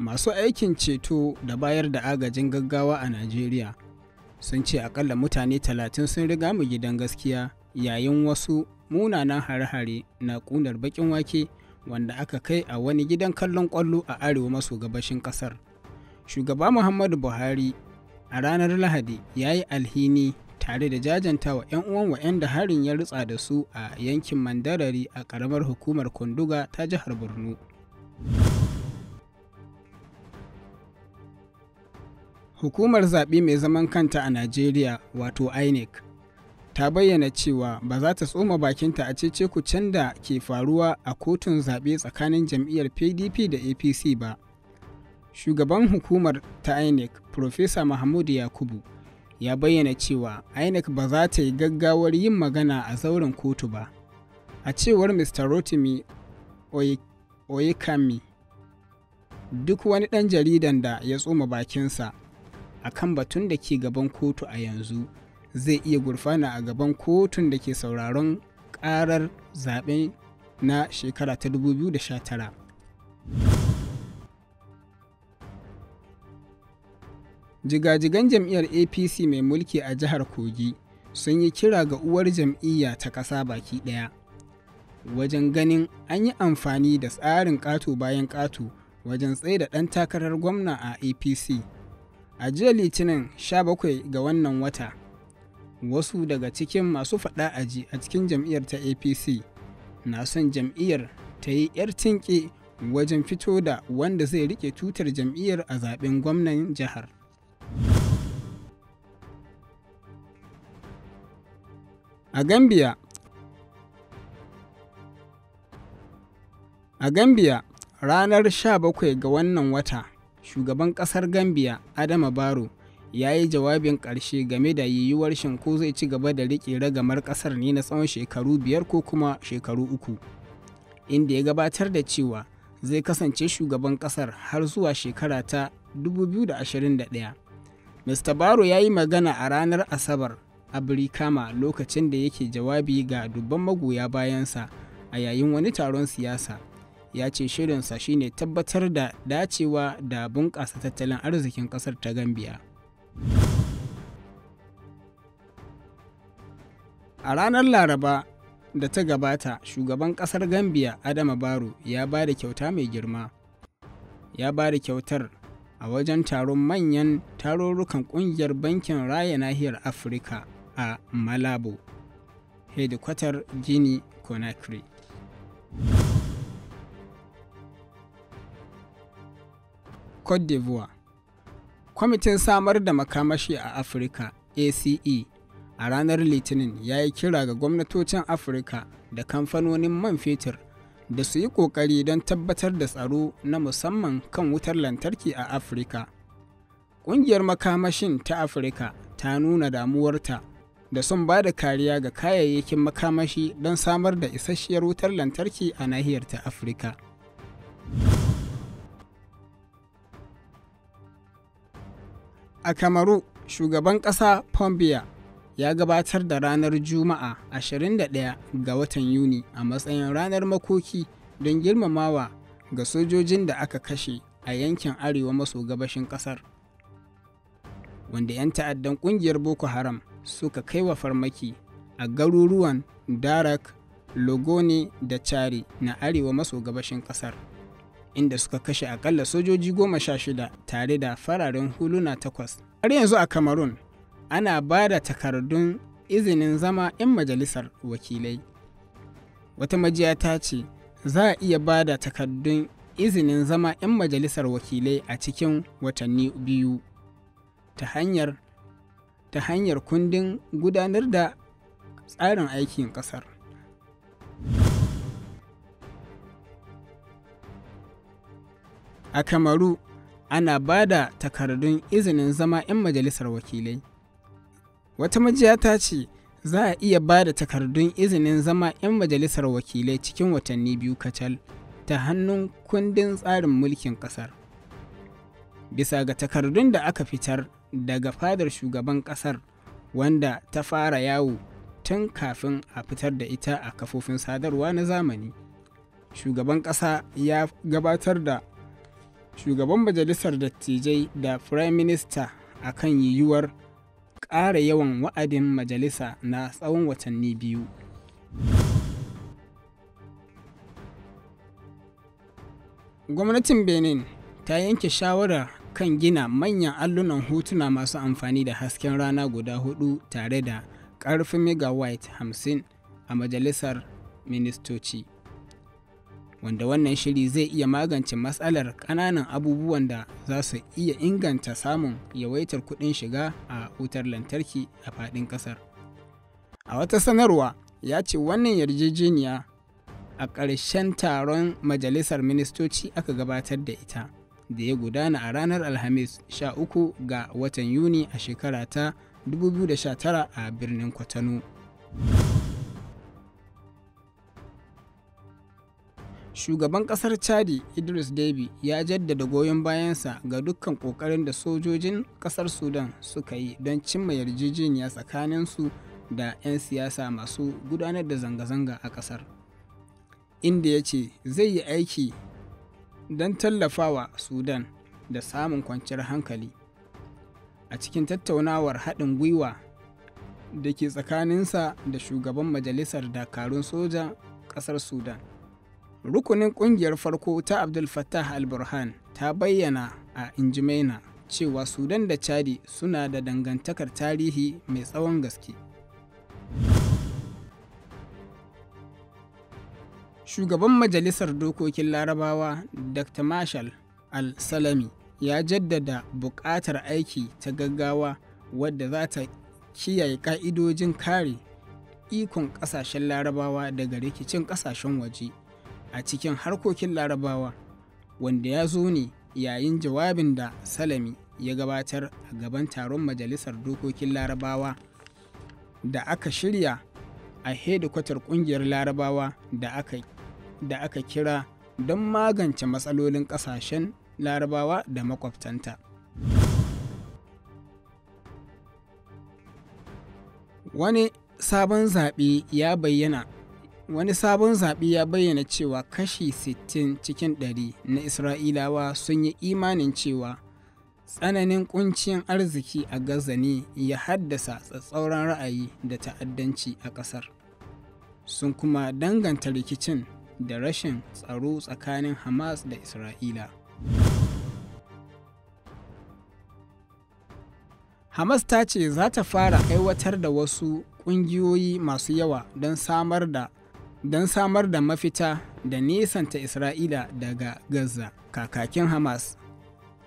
masu aikin ceto da bayar da agajin gaggawa a Najeriya sun ce akalla mutane talatin sun riga mu gidan gaskiya yayin wasu munanan hare-hare na ƙunar baƙin wake wanda aka kai a wani gidan kallon ƙwallo a arewa maso gabashin ƙasar. Shugaba Muhammadu Buhari a ranar Lahadi ya yi alhini tare da jajanta wa 'yan uwan da harin ya rutsa da su a yankin Mandarari a ƙaramar hukumar Kunduga ta jihar Borno. Hukumar zaɓe mai zaman kanta a Najeriya wato INEC ta bayyana cewa ba za ta tsoma bakinta a cece ku da ke faruwa a kotun zaɓe tsakanin jam'iyyar PDP da APC ba. Shugaban hukumar ta INEC, Profesa Mahmud Yakubu, ya bayyana cewa INEC ba za ta yi gaggawar yin magana a zauren kotu ba. A cewar Mr. Rotimi Oyekami, duk wani ɗan jaridan da ya tsoma bakinsa a kan batun da ke gaban kotu a yanzu zai iya gurfana a gaban kotun da ke sauraron karar zaɓe na shekara ta 2019 jigajigan jam'iyyar apc mai mulki a jihar kogi sun yi kira ga uwar jam'iyya ta ƙasa baki ɗaya wajen ganin an yi amfani da tsarin ƙato bayan ƙato wajen tsaye da ɗan takarar gwamna a apc a jiya litinin 17 ga wannan wata wasu daga cikin masu faɗa aji a cikin jam'iyyar ta apc na son jam'iyyar ta yi 'yar cinƙe wajen fito da wanda zai rike tutar jam'iyyar a zaben gwamnan jihar a gambia a gambia ranar 17 ga wannan wata shugaban ƙasar gambia adama baro ya yi jawabin ƙarshe game da yiwuwar shin ko zai ci gaba da riƙe ragamar ƙasar ne na tsawon shekaru biyar ko kuma shekaru uku inda ya gabatar da cewa zai kasance shugaban ƙasar har zuwa shekara ta 2021 mr baro ya yi magana a ranar asabar a birkama lokacin da yake jawabi ga dubban magoya bayansa a yayin wani taron siyasa ya ce shirinsa shine tabbatar da dacewa da bunƙasa tattalin arzikin ƙasar ta gambia a ranar laraba da ta gabata shugaban ƙasar gambia adama baro ya ba da kyauta mai girma ya ba da kyautar a wajen taron manyan tarurrukan ƙungiyar bankin raya nahiyar afirka a malabo hedikwatar gini conakry Cote d'Ivoire. Kwamitin Samar da Makamashi a Afirka ACE a ranar Litinin ya yi kira ga gwamnatocin Afirka da kamfanonin man fetur da su yi ƙoƙari don tabbatar da tsaro na musamman kan wutar lantarki a Afirka. Ƙungiyar makamashin ta Afirka ta nuna damuwarta da sun ba da kariya ga kayayyakin makamashi don samar da isasshiyar wutar lantarki a nahiyar ta Afirka. A Kamaru, shugaban ƙasa Pombia ya gabatar da ranar Juma'a 21 ga watan Yuni a matsayin ranar makoki don girmamawa ga sojojin da aka kashe a yankin arewa maso gabashin ƙasar. Wanda 'yan ta'addan ƙungiyar Boko Haram suka kai wa farmaki a garuruwan Darak, Logone da Chari na arewa maso gabashin ƙasar. inda suka kashe akalla sojoji goma sha shida tare da fararen huluna takwas. Har yanzu a Cameroon, ana ba da takardun izinin zama 'yan majalisar wakilai. Wata majiya ta ce, za a iya ba da takardun izinin zama 'yan majalisar wakilai a cikin watanni biyu ta hanyar ta hanyar kundin gudanar da tsarin aikin ƙasar. A Kamaru, ana ba da takardun izinin zama 'yan majalisar wakilai. Wata majiya ta ce za a iya ba da takardun izinin zama 'yan majalisar wakilai cikin watanni biyu kacal ta hannun kundin tsarin mulkin ƙasar. Bisa ga takardun da aka fitar daga fadar shugaban ƙasar wanda ta fara yawo tun kafin a fitar da ita a kafofin sadarwa na zamani. Shugaban ƙasa ya gabatar da shugaban majalisar dattijai da firayim minista a kan yiwuwar ƙara yawan wa'adin majalisa na tsawon watanni biyu gwamnatin benin ta yanke shawarar kan gina manyan allunan hotuna masu amfani da hasken rana guda hudu tare da ƙarfin megawatt 50 a majalisar ministoci. wanda wannan shiri zai iya magance matsalar ƙananan abubuwan da za su iya inganta samun yawaitar kuɗin shiga a wutar lantarki a faɗin ƙasar. A wata sanarwa ya ce wannan yarjejeniya a ƙarshen taron majalisar ministoci aka gabatar da ita da ya gudana a ranar Alhamis 13 ga watan Yuni a shekara ta 2019 a birnin Kwatano. shugaban kasar chadi idris deby ya jaddada goyon bayansa ga dukkan kokarin da sojojin kasar sudan suka yi don cimma yarjejeniya tsakaninsu da 'yan siyasa masu gudanar da zanga-zanga a kasar inda ya ce zai yi aiki don tallafawa sudan da samun kwanciyar hankali a cikin tattaunawar haɗin gwiwa da ke tsakaninsa da shugaban majalisar dakarun soja ƙasar sudan rukunin kungiyar farko ta abdul fattah al-burhan ta bayyana a injimaina cewa sudan da chadi suna da dangantakar tarihi mai tsawon gaske shugaban majalisar dokokin larabawa dr marshall al-salami ya jaddada buƙatar aiki ta gaggawa wadda za ta kiyaye ƙa'idojin kare ikon ƙasashen larabawa daga rikicin ƙasashen waje a cikin harkokin larabawa wanda ya zo ne yayin jawabin da salami ya gabatar a gaban taron majalisar dokokin larabawa da aka shirya a hedikwatar kungiyar larabawa da aka, da aka kira don magance matsalolin ƙasashen larabawa da makwabtanta. Wani sabon zaɓe ya bayyana wani sabon zaɓe ya bayyana cewa kashi 60 cikin ɗari na isra'ilawa sun yi imanin cewa tsananin ƙuncin arziki a gaza ne ya haddasa tsatsauran ra'ayi da ta'addanci a ƙasar sun kuma danganta rikicin da rashin tsaro tsakanin hamas da isra'ila hamas ta ce za ta fara aiwatar da wasu ƙungiyoyi masu yawa don samar da don samar da mafita da nisanta Isra'ila daga Gaza. Kakakin Hamas,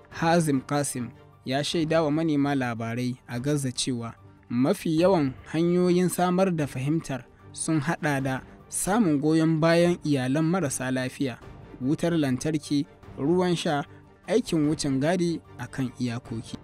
Hazim Qasim, ya shaida wa manema labarai a Gaza cewa mafi yawan hanyoyin samar da fahimtar sun haɗa da samun goyon bayan iyalan marasa lafiya, wutar lantarki, ruwan sha, aikin wucin gadi a kan iyakoki.